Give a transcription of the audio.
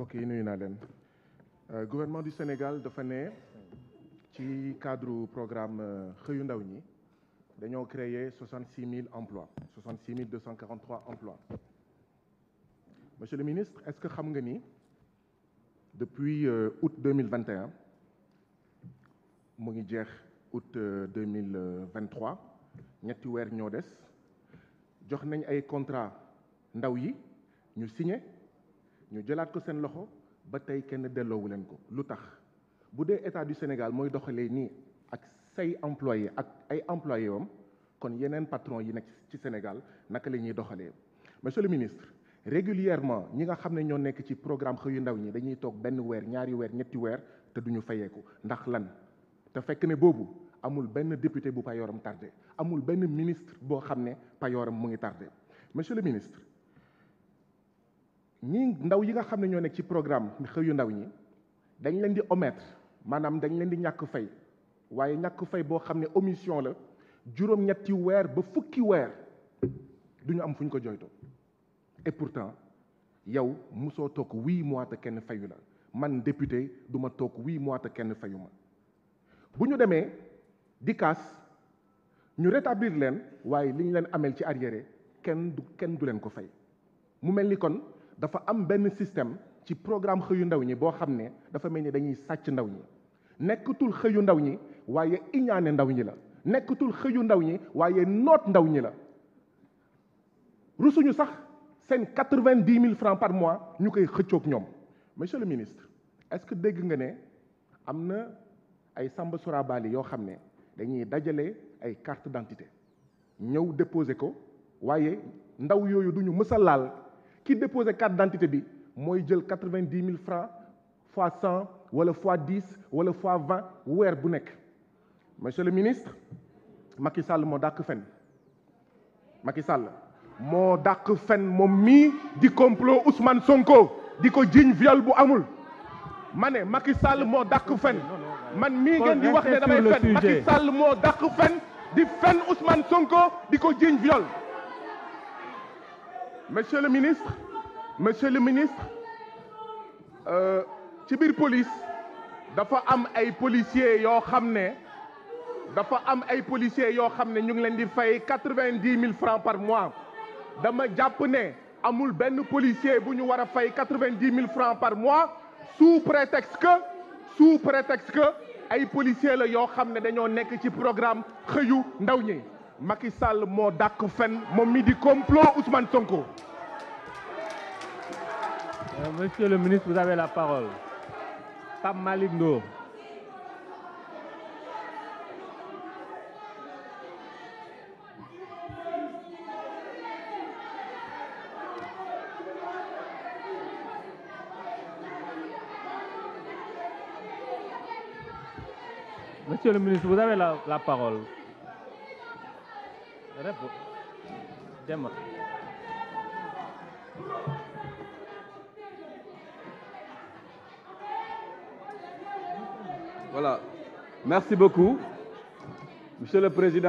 mbokk yi nuyu naa Le euh, gouvernement du Sénégal de ne ci cadre programme euh, xëyu ndaw ñi créé 66 000 emplois 66 243 emplois monsieur le ministre est-ce que xam nga ni depuis euh, août 2021 mu ngi jeex août 2023 ñetti avons ñoo des jox nañ ay contrat ndaw signé ñu jëlaat ko seen loxo ba tey kenn delloowu leen ko lu tax bu dee état du Sénégal mooy doxalee nii ak say employé ak ay employé wam kon yeneen patron yi nekk ci Sénégal naka la ñuy doxalee monsieur le ministre régulièrement ñi nga xam ne ñoo nekk ci programme xëyu ndaw ñi dañuy toog benn weer ñaari weer ñetti weer te duñu fayeeku ndax lan te fekk ne boobu amul benn député bu payoram tardé amul benn ministre boo xam ne payooram mu ngi tardé monsieur le ministre ñi ndaw yi nga xam ne ñoo nekk ci programme xëy yu ndaw ñi dañ leen di omettre maanaam dañ leen di ñàkk fay waaye ñàkk fay boo xam ne omission la juróom-ñetti weer ba fukki weer duñu am fuñ ko jooytoo et pourtant yow mosoo toog huit mois te kenn fayu la man député du ma toog huit mois te kenn fayuma ma bu ñu demee di kaas ñu rétablir leen waaye li ñu leen amel ci arrière kenn du kenn du leen ko fay mu mel ni kon dafa am benn système ci programme xëyu ndaw ñi boo xam ne dafa mel ni dañuy sàcc ndaw ñi nekkatul xëyu ndaw ñi waaye iñaane ndaw ñi la nekkatul xëyu ndaw ñi waaye noot ndaw ñi la rusuñu sax seen quatre-vingt-dix mille francs par mois ñu koy xëccoog ñoom monsieur le ministre est-ce que dégg nga ne am na ay samba surabali yoo xam ne dañuy dajale ay carte d'identité ñëw déposer ko waaye ndaw yooyu duñu mës a laal qui quatre carte d'identité bi quatre francs fois cent fois fois 20 ou monsieur le ministre Macky Sall Je Macky complot Ousmane Sonko que j'ai viol pour amul Mané, Macky Sall man di wax Ousmane Sonko monsieur le ministre monsieur le ministre euh, ci la police dafa am ay policiers yo xamné dafa am ay policiers yo xamné ñu ngi francs par mois dama japp né amul ben policier bu ñu wara a fay 90.000 francs par mois sous prétexte que sous prétexte que ay policiers la yo xamné nekk ci programme xeyu ndaw ñi. Macky Sall mo dak fen mi complot Ousmane Sonko. Euh, monsieur le ministre, vous avez la parole. Pape Malindo. Monsieur le ministre, vous avez la, la parole. Voilà. Merci beaucoup, Monsieur le Président.